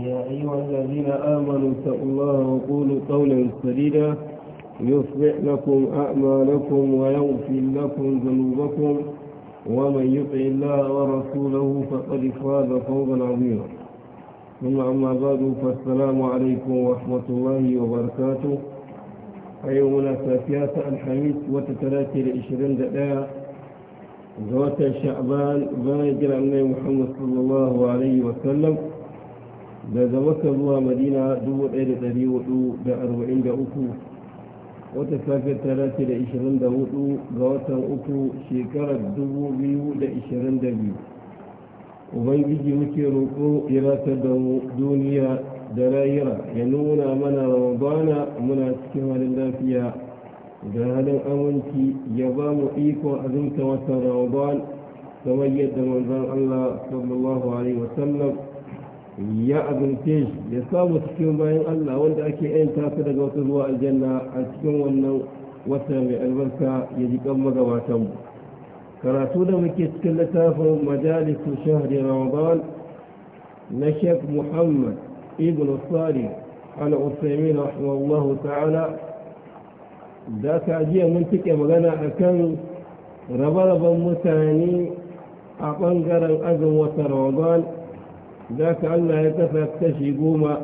يا أيها الذين آمنوا اتقوا الله وقولوا قولا سديدا يصلح لكم أعمالكم ويغفر لكم ذنوبكم ومن يطع الله ورسوله فقد فاز فوزا عظيما ثم أما بعد فالسلام عليكم ورحمة الله وبركاته أيها سافيات الحميد وتتلاتي لعشرين دقيقة ذوات شعبان بايجر النبي محمد صلى الله عليه وسلم daga maka zuwa madina dubu ɗaya da da da ɗari hudu arba'in uku wata safiyar talatin da dace da hudu ga watan uku shekarar dubu biyu da da biyu ubangiji muke roƙo iratar da mu duniya da rayira ya nuna mana rabana muna cikin halin lafiya da halin aminci ya ba mu ikon azumta watan ramadan kamar yadda manzon allah sallallahu alaihi wasallam ya azurce shi ya samu cikin bayan Allah wanda ake yin tafi daga wata zuwa aljanna a cikin wannan wata mai albarka ya ji kan magabatan karatu da muke cikin littafin majalisu shahri ramadan na sheikh muhammad ibn sari al usaimin rahimahullahu ta'ala da ka jiya mun tike magana akan rabe-raben mutane a ɓangaren azumin wata ramadan ذاك أن تشيكوما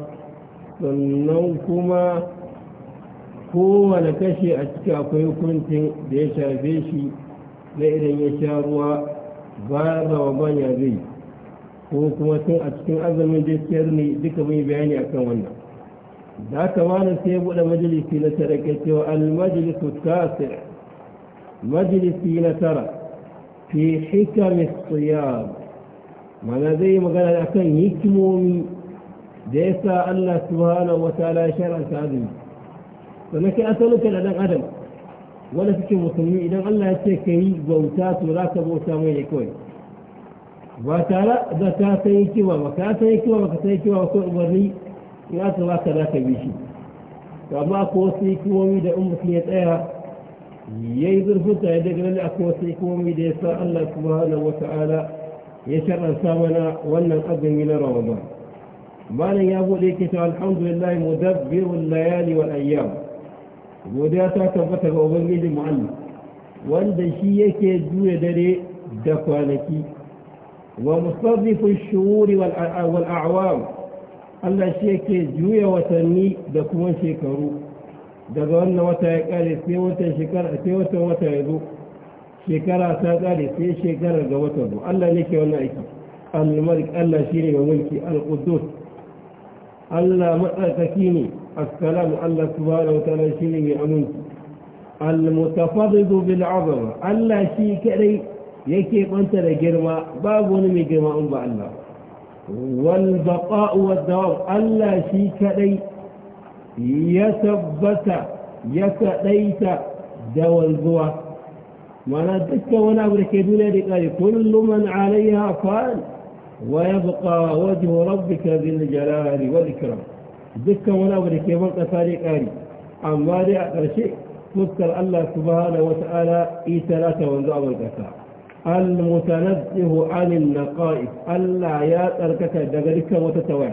فنوكما هو لكشي أشكاك يكنت بيشا بيشي لئر يشاروا بارا وبانيا بي هو كما تن أشكين أذن من جسرني ذك بي بياني أكوانا ذاك وانا سيبو لمجلسي لتركتي والمجلس التاسع مجلسي لترك في حكم الصيام mana zai yi magana akan hikimomi da ya sa Allah subhanahu wa ta'ala ya shar'anta azumi sannan kai asalinka da dan adam wanda suke musulmi idan Allah ya ce ka yi bauta to za ka bauta mai ne kawai ba tare da ka san hikima ba ka san hikima ba ka san hikima ba ko umarni in aka ba ka za ka bi shi to amma ko wasu hikimomi da in mutum ya tsaya ya yi zurfinta ya daga lalle akwai wasu hikimomi da ya sa Allah subhanahu wa ta'ala يشر وانا ولنقدم إلى رمضان ما يا أبو ليك الحمد لله مدبر الليالي والأيام وديا تاتا فتاك أبنجي المعلم وانده شي يكي دوية داري دفانكي ومصرف الشهور والأعوام الله شي يكي دوية وتنمي دكوان شكرو دقوان وتا يكالي سيوتا شكرا سيوتا وتا يدوك shekara ta tsare sai shekarar ga watan ruwa Allah ne ke wannan aiki al-malik Allah shi ne mai mulki al-qudus Allah matsakaki ne assalamu Allah subhanahu wa ta'ala shi ne mai aminci al-mutafarrid bil azama Allah shi kadai yake kwanta da girma babu wani mai girma in ba Allah wal baqa' wad dawam Allah shi kadai ya tabbata ya kadaita da wanzuwa ولا تكة ولا أمريكا بلادي قال كل من عليها فان ويبقى وجه ربك ذي الجلال والإكرام دك ولا أمريكا بلقى تاريخ أما دي أقل شيء تذكر الله سبحانه وتعالى إي ثلاثة وانزعب القساء المتنزه عن النقائف ألا يا تركك دقلك وتتوعى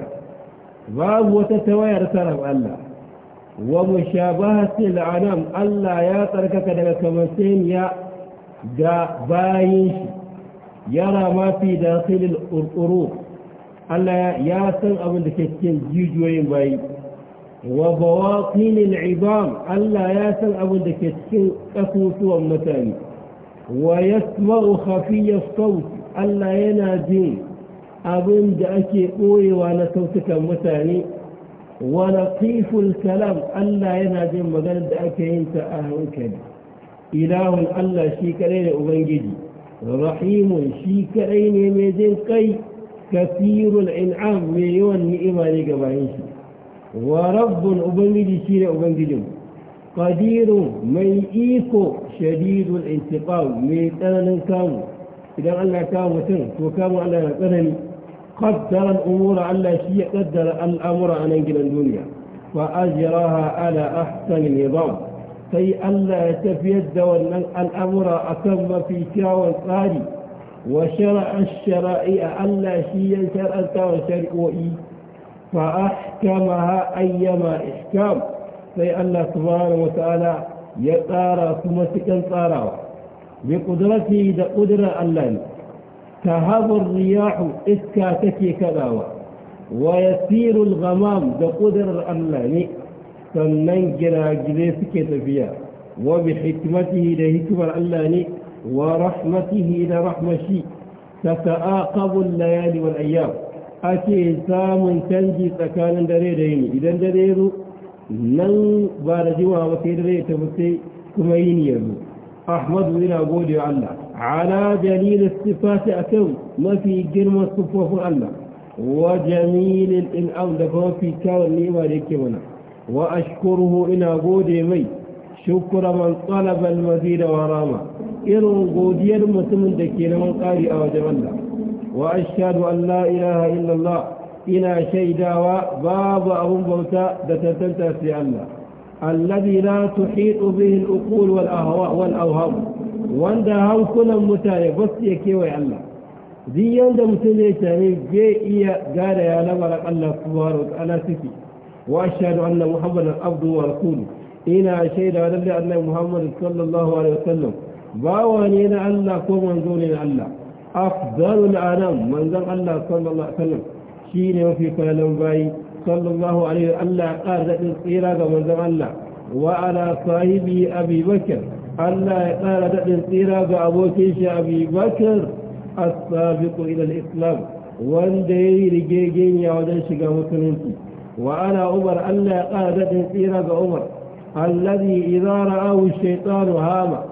باب وتتوعى رسالة الله ومشابهة العنام ألا يا تركك دقلك مسين يا ga bayin shi yara ma fi dakhilil urquru Allah ya san abin da ke cikin jijiyoyin bayi wa bawatinil ibam Allah ya san abin da ke cikin kasusuwan mutane wa yasma'u khafiyya sawt Allah yana jin abin da ake boyewa na sautukan mutane wa laqiful kalam Allah yana jin maganar da ake yin ta a hankali ilahun Allah shi kadai da ubangiji rahimun shi kadai ne mai jin kai kafirul in'am mai yawan ni'ima ne ga bayan shi wa rabbun ubangiji shi ne ubangijin qadirun mai iko shadidul intiqam mai tsananin kamu idan Allah ya kawo mutum to kamu Allah ya tsanani qaddara al-umura Allah shi ya qaddara al-amura a nan gidan duniya fa ajraha ala ahsani nizam sai Allah ya tafiyar da wannan al'amura a kan mafi kyawun tsari wa shara'ar shara'i a Allah shi ya shar'anta wa shari'o'i fa'ahkama ha ayyama ihkam sai Allah subhanahu wa ta'ala ya tsara su matukan tsarawa bi kudrati da ƙudurar Allah ne ta habar riyahu iska take kaɗawa wa yasirul gamam da ƙudurar Allah ne sannan gina-gine suke tafiya wa bi hikmatihi da hikimar Allah ne wa rahmatihi da rahmashi ta ta'aqabul layali wal ayyam ake samun canji tsakanin dare da yini idan dare ya zo nan ba da jiwa ba sai dare ta sai kuma yini ya zo ahmadu yana gode wa Allah ala dalil sifati akan mafi girman sufofin Allah wa jamilin in'am da kuma fi kyawun nema da yake mana وأشكره إلى قودي مي شكر من طلب المزيد وراما إرن قودي المسلم دكين من قاري أو جمال وأشهد أن لا إله إلا الله إلى شيء داوى باب أبو بوتا دتتلتا في الله الذي لا تحيط به الأقول والأهواء والأوهام wanda hankulan كل ba بس iya kewaye Allah duk yanda mutum zai tare zai iya gane ya lamar Allah subhanahu وأشهد أن محمدا عبده ورسوله إلى شهد ولله أن محمد صلى الله عليه وسلم ان إلى الله ومنزول إلى الله أفضل الأنام منزل الله صلى الله عليه وسلم شين وفي كلام باي صلى الله عليه وسلم الله قال ذات الصيرة منزل الله وعلى صاحبي أبي بكر الله قال ذات الصيرة أبو كيش أبي بكر السابق إلى الإسلام وان دي رجي جيني ودن شقا وعلى عمر ألا قادة إيرك عمر الذي إذا رآه الشيطان هاما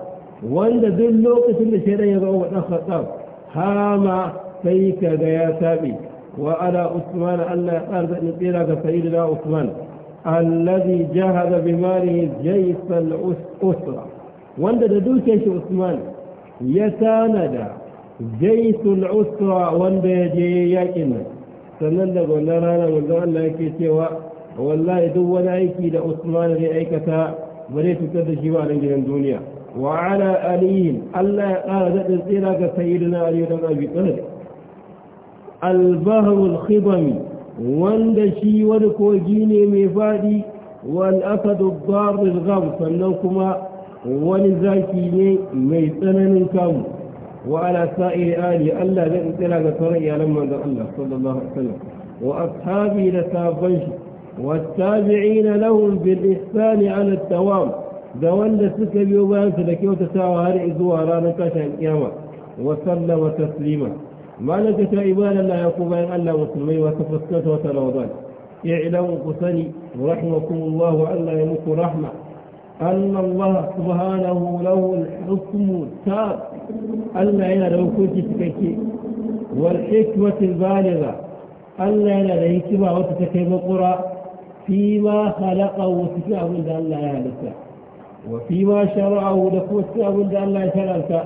وند دلو قسم الشيطان عمر الخطاب هاما فيك يا سامي وعلى عثمان ألا قادة إيرك سيدنا عثمان الذي جهد بماله جيش الأسرة وند دلو كيش عثمان يتاندى جيش الأسرة وند يا يكنا sannan daga wannan rana manzon Allah yake cewa wallahi duk wani aiki da Usman zai aikata ba zai fitar da shi ba nan gidan duniya wa ala aliyin Allah ya ƙara daɗin tsira ga sayyidina Ali dan Abi Talib al-bahrul khibami wanda shi wani kogi ne mai fadi wal asadu barrul gham sannan kuma wani zaki ne mai tsananin kamu وعلى سائر آله ألا ذن تلا قصري لما ذا الله صلى الله عليه وسلم وأصحابه لتابنش والتابعين لهم بالإحسان على التوام دولة سكة بيوبان سلك وتساوى هاري إزوارانا نكاشا القيامة وصلى تسليما ما لك تائبان لا يقوم بأن ألا مسلمين وتفسكت وتنوضان اعلموا قسني رحمكم الله وألا يموت رحمة أن الله سبحانه له الحكم التاب Allah yana da hukunci cikakke wal hikmatil baligha Allah yana da hikima wata ta kai makura fi ma khalaqa wa cikin abin da Allah ya halitta wa fi ma shara'ahu da kuma cikin abin da Allah ya shara'anta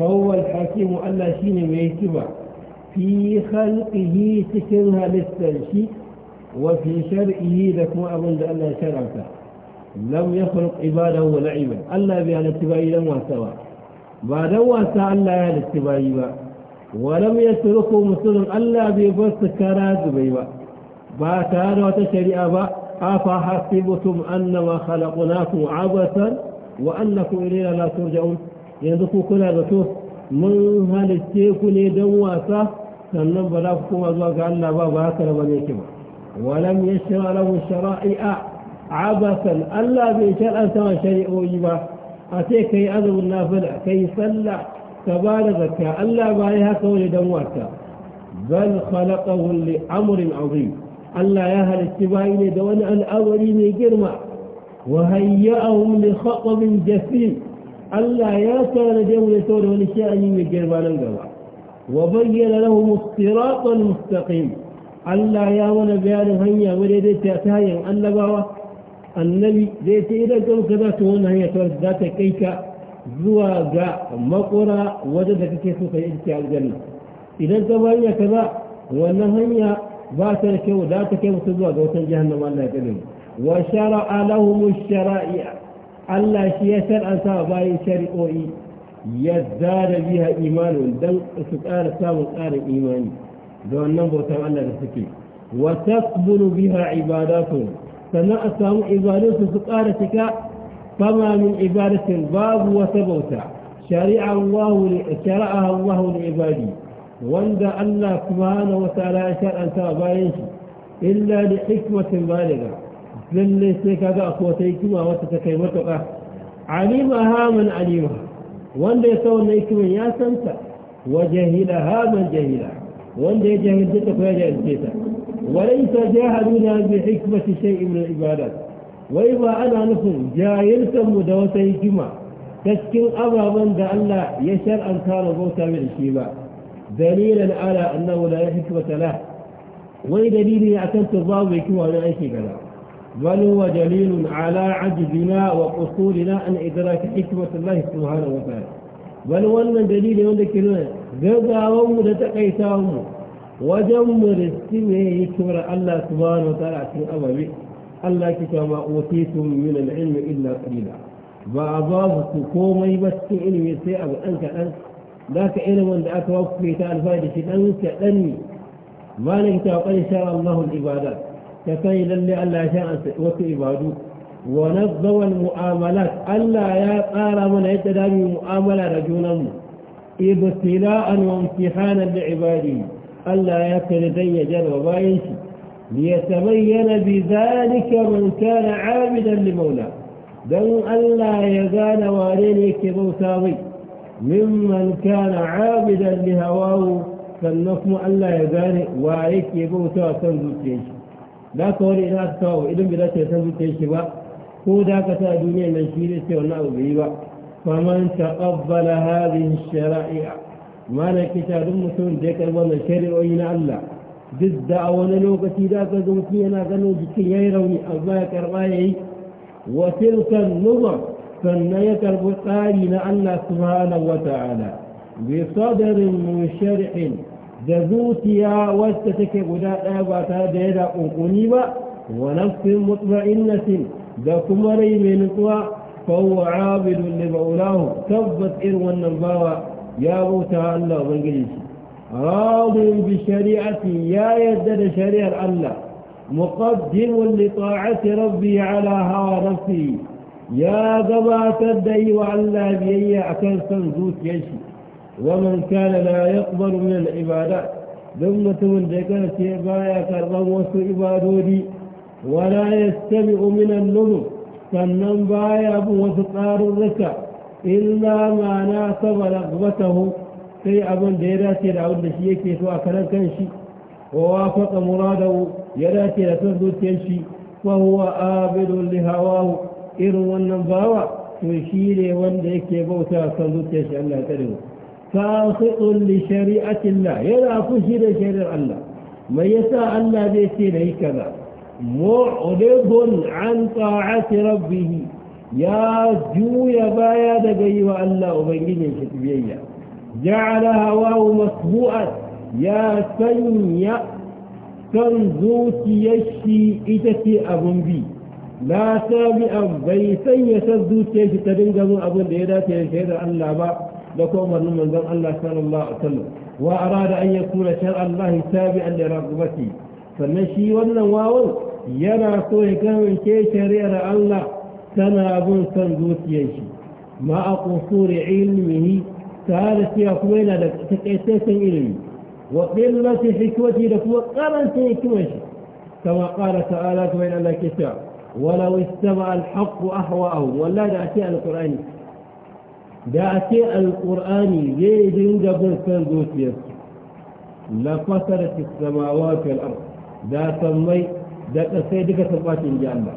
fa huwa al hakim Allah shine mai hikima fi khalqihi cikin halittar shi wa fi shar'ihi da kuma abin da Allah ya shara'anta lam yakhluq ibadahu la'iban Allah bai halitta ba idan wasa ba ba don wasa Allah ya halitta bayi ba walam ya turko musulun Allah bai bar su kara zubai ba ba tare da wata shari'a ba afa hasibutum annama khalaqnakum abatan wa annakum ilayna la turja'un yanzu ku kuna da to mun halitte ku ne don wasa sannan ba za ku koma zuwa ga Allah ba ba haka ba ne ba walam yashra lahu shara'i'a abasan Allah bai shar'anta shari'o'i ba أتيك كي أذو الله فلع كي صلع تبارك ألا بايها كول دواتا بل خلقه لأمر عظيم ألا يا يهل اتباعين دوان الأولي من جرمة وهيأهم لخطب جسيم ألا يا ياتر جو لتور ولشأن من جرمان القوى وبين لهم الصراط المستقيم ألا يا ونبيان هيا وليد تأتايا ألا بواه annabi zai ce idan ɗauka za ta wani hanyar tawar za ta kai ka zuwa ga makura wajen da kake so ka yi iske aljanna idan ka bari ya kaza wannan hanya ba ta da kyau za ta kai musu zuwa ga wutan jahannama Allah ya kare mu wa shara'a lahum shara'i'a Allah shi ya shar'anta wa bayan shari'o'i ya zara biya imani don su ƙara samun ƙarin imani da wannan bautan Allah da suke wa tasbunu biha ibadatu sannan a samu ibadunsu su ƙara cika fama min ibadatin babu wata bauta shari'a Allah li ibadi wanda Allah hana wa ta'ala ya a bayan shi illa li hikmatin baliga lalle sai kaga a wata hikima wata ta kai matuƙa alimaha man alima. wanda ya sa wannan hikiman ya santa wa jahilaha man jahila wanda ya jahilta ta ko ya jahilce وليس جاهلنا بحكمة شيء من العبادات وإذا أنا نفهم جاهلت مدوة هكما تسكن أبابا دا الله يشر أن كان بوتا من الشيبا دليلا على أنه لا حكمة له ودليل أتنت الضاب هكما ولا أي شيء كذا بل هو دليل على عجزنا وقصورنا عن إدراك حكمة الله سبحانه وتعالى بل هو أن دليل وذكرنا ذا قوم لتقيتاهم wajen muristi ne ya kira Allah subhanahu wa ta'ala a cikin ababe Allah ki ta ma utitum min al-ilmi illa qalila ba a ba ku komai ba cikin ilimi sai abu dan kadan da ka ilimin da aka wakufe ta alfahari shi dan kadan ne ba na kita wa sha Allah al-ibada ta kai lalle Allah ya sha wasu ibadu wa nazawa al-mu'amalat Allah ya tsara mana yadda da mu mu'amala da junanmu ibtila'an wa imtihanan li ibadihi ألا لدي جنب بايشي ليتبين بذلك من كان عابدا لمولاه دون ألا يزال واليك ساوي ممن كان عابدا لهواه فالنقم ألا يزال واليك بوسا تنزل لا تقول إلا تتاو إذن بلا تنزل تيشي هو ذاك تأدوني من شيرتي والنعو به فمن تقبل هذه الشرائع mana yake cewa duk mutumin da ya karɓi wannan shari'o'i na Allah duk da a wani lokaci da aka zo yana gano jikin ya yi rauni amma ya karɓa ya yi wa tilkan nuzar sannan ya karɓi tsari na Allah subhanahu wa ta'ala bi sadarin mushari'in da zuciya wacce take guda ɗaya ba tare da yada ƙunƙuni ba wa nafsin mutma'innatin da kuma rai mai nutsuwa fa huwa abidun li baulahu tabbas irin wannan bawa يا بوتا الله وبنجيسي راض بشريعتي يا يدد شريع الله مقدم لطاعة ربي على هوا نفسي يا ذبا تدعي وعلا بيئي أكلسا زوت يشي ومن كان لا يقبل من العبادات ذمة من ذكرت كرم كالغموس إبادودي ولا يستمع من النمو فالنبايا بوثقار الركب إلا ما ناسب رغبته في أبن ديرا سيرا ودشي يكيسو أكرا كنشي ووافق مراده يراتي سيرا تنزو تنشي وهو آبد لهواه إرو النباوة ويشير وندك بوتا تنزو تنشي الله تنزو فاصق لشريعة الله يرا فشير شريع الله ما يسا الله بيسير هكذا معرض عن طاعة ربه ya juya baya daga yi wa Allah Ubangijin shi biyayya ja'ala hawahu masbu'an ya sanya son zuciyar shi ita ce abun bi la tabi'an bai sanya son zuciyar shi ta dinga mun abin da ya dace da shaidar Allah ba da kuma umarnin manzon Allah sallallahu alaihi wasallam wa arada an yakuna shar'an Allah tabi'an li raghbati sannan shi wannan wawan yana so ya kamance shari'ar Allah سنة أبو سنبوت يجي ما أقصور علمه سالس يقوينا لك تكأساسا إلي لك حكوتي لك وقرن تكوشي كما قال تعالى كوين الله كتاب ولو استمع الحق أحواءه ولا دعتي على القرآن دعتي على القرآن يجي عند أبو سنبوت لفصلت السماوات والأرض دا مي دا سيدك سبات الجنة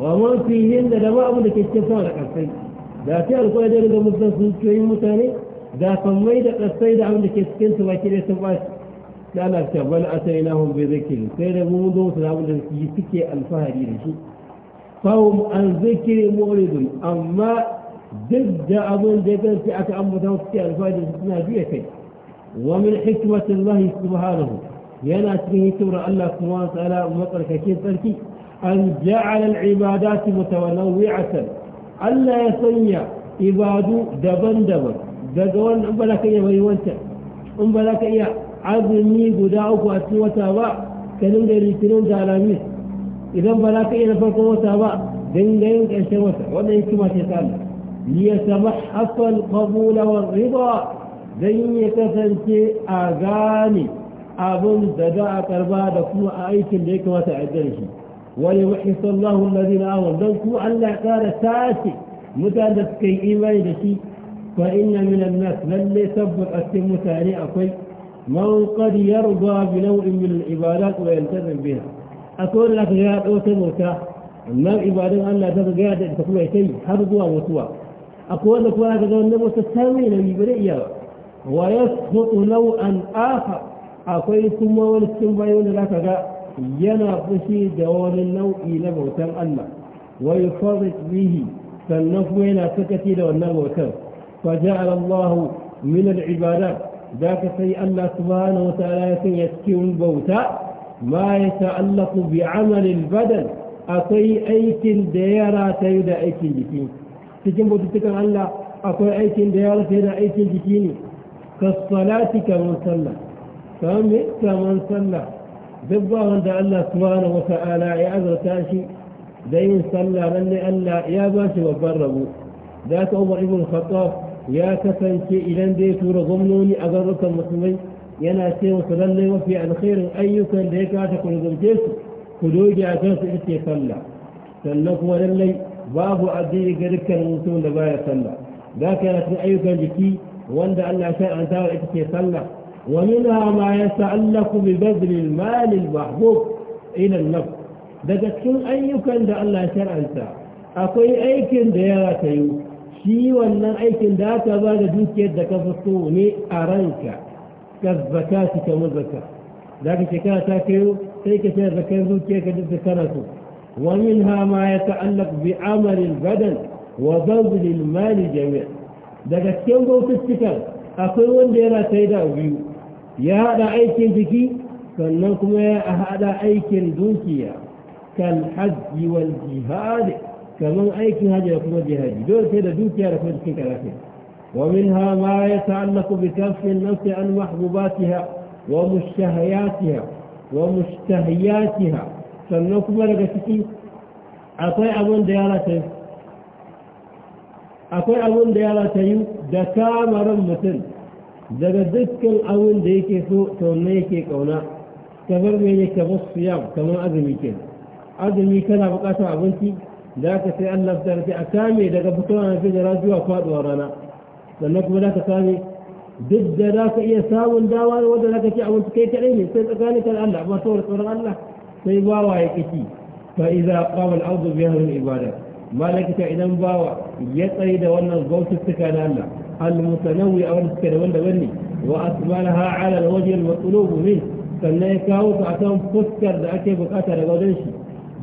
ومن فيهن ده ما أبو لك الشفارة قصي ده تعالوا قولا دير ده مفضل سنسوي متاني ده فميدة قصي ده عندك السكين سواكير سواس قال لك بل أتيناهم بذكر سيدة موضوع سلاو لك يسكي الفهري رجي فهم الذكر مولد أما ضد أبو الجبل في أكأم وتوسكي الفهري رجي نبيتي ومن حكمة الله سبحانه ينا تنهي تورا الله سبحانه وتعالى مطر كيف تركي أن جعل العبادات متنوعة ألا يسمي عباد دبن دبن دبن أم بلاك إيا ويوانتا أم بلاك إيا عظمي قداؤك وأتنوة وتابع كنم دي ريتنون تعلاميس إذا بلاك إيا نفرق وتابع دين دين كأشتر وتا ولا يكما تقال ليتمحص القبول والرضا دين يكسنتي أغاني أبن دداء كربا دكما أيكم ديكما تعدل شيء وليمحص الله الذين آمنوا دونكم الله كان ساسي متى كي إيمان دشي فإن من الناس للي سبب أتم متاني أكوي من قد يرضى بنوع من العبادات ويلتزم بها أقول لك يا أوت موتى ما عبادة أن لا تبقى قاعدة تقول شيء حرضوا وطوا أقول لك وهذا قول نبو تساوي لي بريئة ويسقط نوعا آخر أقول ثم ولستم بيون لك ينافسي دوال النوء إلى موتان الله ويفرق به فالنفو إلى فكتي دوال النوء فجعل الله من العبادات ذاك سي الله سبحانه وتعالى يسكي البوتاء ما يتعلق بعمل البدن أطي أيك ديارة تيدا أيك الجكين تجنب تتكى على أطي أيك ديارة تيدا أيك الجكين كالصلاة كمن صلى فمئت من صلى بالظاهر عند الله سبحانه وتعالى يا أبا تاشي دين صلى من ألا يا باشي وبرغوا ذات عمر ابن الخطاب يا كفنتي إلى ديت ورغمنوني أغرك المسلمين ينا سي وصلي وفي الخير أيك ليك تكون زوجك خدوج أجلس إتي صلى سلك ولي باب أدي قدك المسلمين لبايا صلى ذاك يا أيك لكي وأن الله شاء أن تعرف إتي صلى ومنها ما يتعلق ببذل المال المحبوب إلى النفس daga cikin ayyukan da Allah shar'anta akwai aikin da ya ratayu shi wannan aikin da aka ba da dukiyar da ka fito ne a ranka ka zaka su kamar zaka za ka shekara ta kayo sai ka shekara zakar dukiyar ka duk zakara su ومن ما يتعلق بعمل البدن وبذل المال جميع daga cikin baututtukan akwai wanda yana sai da biyu يا هذا أيكن جكي فلنكم يا هذا أيكن دوكيا كالحج والجهاد كما أيك هجي لكم الجهاد دول كده دوكيا لكم جكين ومنها ما يتعلق بكف النفس عن محبوباتها ومشتهياتها ومشتهياتها فلنكم لك تكي أطيع من ديالته أطيع من ديالته دكام رمتن daga dukkan abin da yake so to wanne yake kauna kamar mene kamar siyam kamar azumi ke azumi kana bukatar abinci da ka sai Allah ta rufe a kame daga fitowa na fijira zuwa faduwar rana sannan kuma za ka kame duk da za ka iya samun dawa wanda za ka ci abinci kai kaɗai ne sai tsakanin kan Allah ba saboda tsoron Allah sai bawa ya kici fa iza qama al-ardu bi hadhihi al-ibada malaka idan bawa ya tsaye da wannan baututtuka na Allah المتنوي او المتكلم دولي واكملها على الوجه المطلوب منه فالنيكاو فاتم فسكر لأكي بقتل غدشي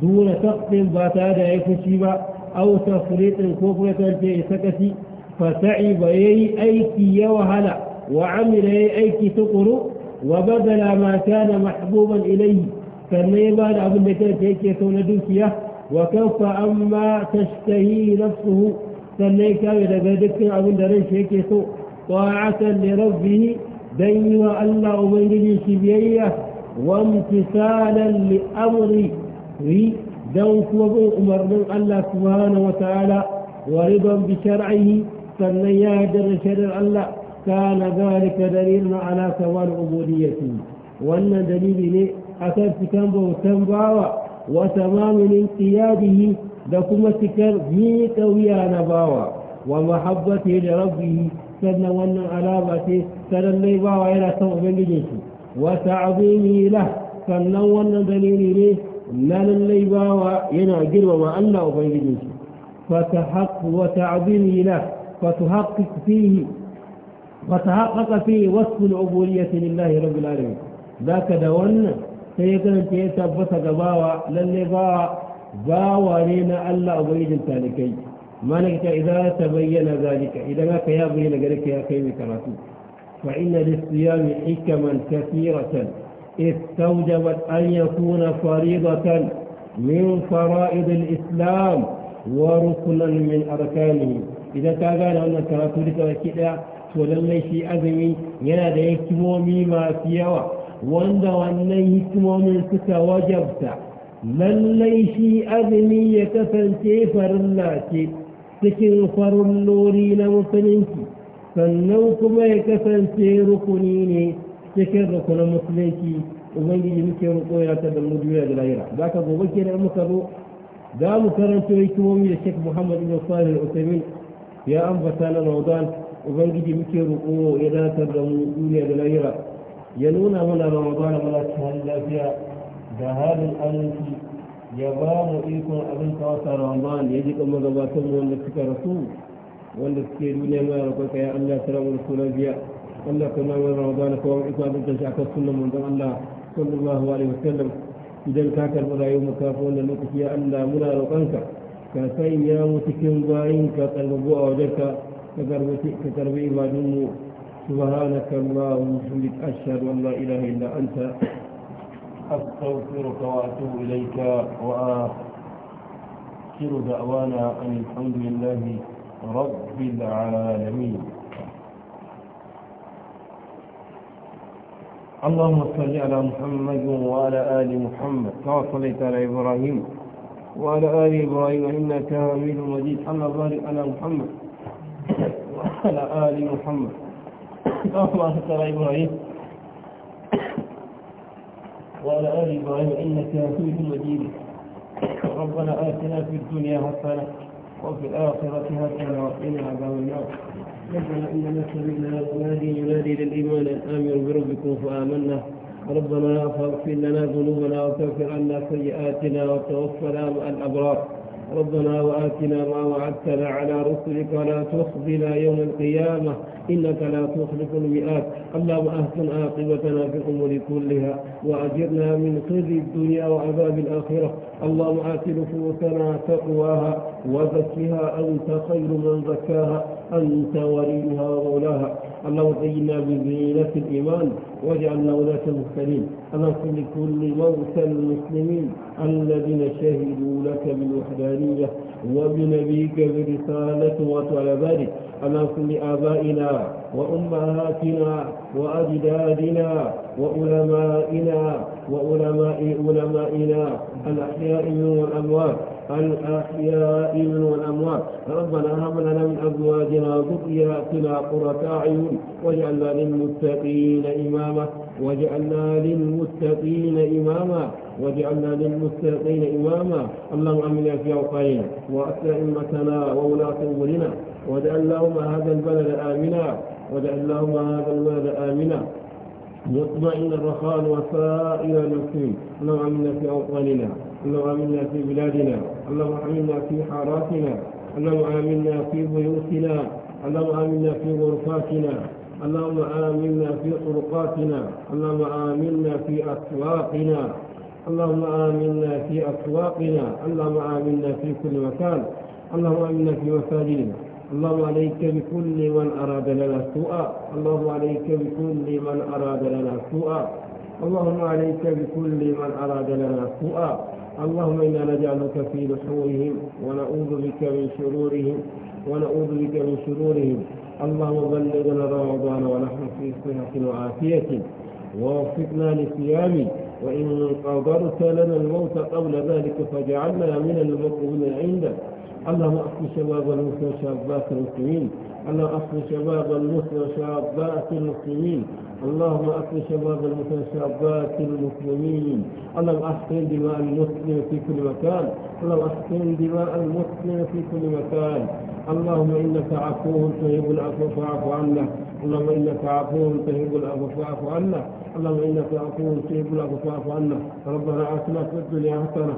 دون سقط ذات ضعيف شيبا او تفريط كفرة في سكتي فسعي بيه ايكي وهلا وعمل ايكي تقر وبدل ما كان محبوبا اليه فالنيبا لابن بيتان تيكي تولدوكيه وكف اما تشتهي نفسه سلي كاوي لبادك أبو الدرين شيكيسو طاعة لربه بيني وألا أبيني سبيية وامتثالا لأمري في دوك وبو أمر من الله سبحانه وتعالى ورضا بشرعه سلي جر شرع الله كان ذلك دليل على سوال عبوديته وأن دليل أساس كان بو تنباوى وتمام انقياده da kuma cikar miƙa wuya na bawa wa mahabbati da rabbihi sannan wannan alama ce sanannai bawa yana son ubangijin shi wa ta'zimi lah sannan wannan dalili ne na lallai bawa yana girmama Allah ubangijin shi fa tahaqqu wa ta'zimi lah fa tuhaqqiq fihi وتحقق فيه وصف العبودية لله رب العالمين ذاك دون سيكون تيسا بس قباوة للي باوة bawa ne na Allah a gwajin talikai malaka idza tabayyana zalika idan haka ya bayyana gare ka ya kai mai karatu fa inna lisiyami hikaman kathiratan استوجبت أن يكون فريضة من فرائض الإسلام وركنا من أركانه إذا كان أن كراتوليك كده ولله شيء أزمي ينا ده يكمومي ما فيها وانده وانه يكمومي سكا وجبتا من ليسي أبنية فلتفر الله تكن فر النوري لمسلمك فلنوكم يكفل تركنيني تكن ركن مسلمك ومن يجبك رقوية تبن مدوية للعيرة ذاك أبو بكر أمكرو دا مكرم تريكم ومي الشيخ محمد بن صالح العثمين يا أنفسان الأوضان ومن يجبك رقوية تبن مدوية للعيرة ينونا من رمضان ولا تهلا فيها da halin aminci ya ba mu ikon abin kawata ramadan ya ji kan magabatan mu wanda suka rasu wanda suke duniya mai rakwai kayan allah ta ramar suna biya allah kuma mai ramadan kuma mu ikon abin tashi akan sunan mun don allah sallallahu alaihi wasallam idan ka karɓi rayuwar ka wanda lokaci ya allah muna roƙonka ka sanya mu cikin bayin ka karɓi a wajenka ka karɓi ibadunmu سبحانك اللهم وبحمدك أشهد أن لا إله إلا أنت أستغفرك وأتوب إليك وآخر دعوانا أن الحمد لله رب العالمين اللهم صل على محمد وعلى آل محمد كما صليت على إبراهيم وعلى آل إبراهيم إنك حميد مجيد اللهم بارك على محمد وعلى آل محمد كما صليت على إبراهيم وعلى آل إبراهيم إنك حميد مجيد ربنا آتنا في الدنيا حسنة وفي الآخرة حسنة وقنا عذاب النار ربنا إننا سمعنا ينادي ينادي للإيمان أن آمنوا بربكم فآمنا ربنا فاغفر لنا ذنوبنا وتغفر عنا سيئاتنا وتوفنا مع الأبرار ربنا وآتنا ما وعدتنا على رسلك ولا تخزنا يوم القيامة إنك لا تخلف المئات اللهم أحسن عاقبتنا في الأمور كلها وأجرنا من خزي الدنيا وعذاب الآخرة اللهم آت نفوسنا تقواها وزكها أنت خير من زكاها أنت وليها ومولاها اللهم زينا بزينة الإيمان واجعلنا ولاة المهتدين اللهم كن لكل موتى المسلمين الذين شهدوا لك بالوحدانية وبنبيك برسالة وعلى ذلك اللهم كن لآبائنا وأمهاتنا وأجدادنا وعلمائنا وعلماء علمائنا الأحياء والأموات الأحياء من والأموات ربنا هب لنا من أزواجنا وذرياتنا قرة أعين واجعلنا للمتقين إماما واجعلنا للمتقين إماما واجعلنا للمتقين إماما اللهم أمنا في أوطاننا وأسر أمتنا وولاة أمورنا واجعل لهم هذا البلد آمنا واجعل لهم هذا البلد آمنا مطمئن الرخاء وسائر المسلمين اللهم أمنا في أوطاننا اللهم آمنا في بلادنا اللهم آمنا في حاراتنا اللهم آمنا في بيوتنا اللهم آمنا في غرفاتنا اللهم آمنا في طرقاتنا اللهم آمنا في أسواقنا اللهم آمنا في أسواقنا اللهم آمنا في كل مكان اللهم آمنا في مساجدنا اللهم عليك بكل من أراد لنا سوءا اللهم عليك بكل من أراد لنا سوءا اللهم عليك بكل من أراد لنا سوءا اللهم إنا نجعلك في نحورهم ونعوذ بك من شرورهم ونعوذ بك من شرورهم اللهم بلغنا رمضان ونحن في صحة وعافية ووفقنا لصيامك وإن قدرت لنا الموت قبل ذلك فجعلنا من المقبول عندك اللهم أصل شباب المسلم شابات المسلمين اللهم أصل شباب المسلم شابات المسلمين اللهم أصل شباب المسلم شابات المسلمين اللهم أحسن دماء المسلم في كل مكان اللهم أحسن دماء المسلم في كل مكان اللهم إنك عفو تهب العفو فاعف عنا اللهم إنك عفو تهب العفو فاعف عنا اللهم إنك عفو تهب العفو فاعف عنا ربنا آتنا في الدنيا حسنة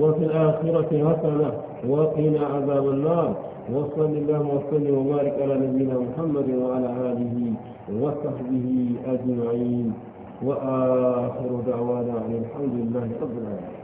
وفي الآخرة حسنة وقنا عذاب النار وصل اللهم وسلم وبارك على نبينا محمد وعلى آله وصحبه أجمعين وآخر دعوانا أن الحمد لله رب العالمين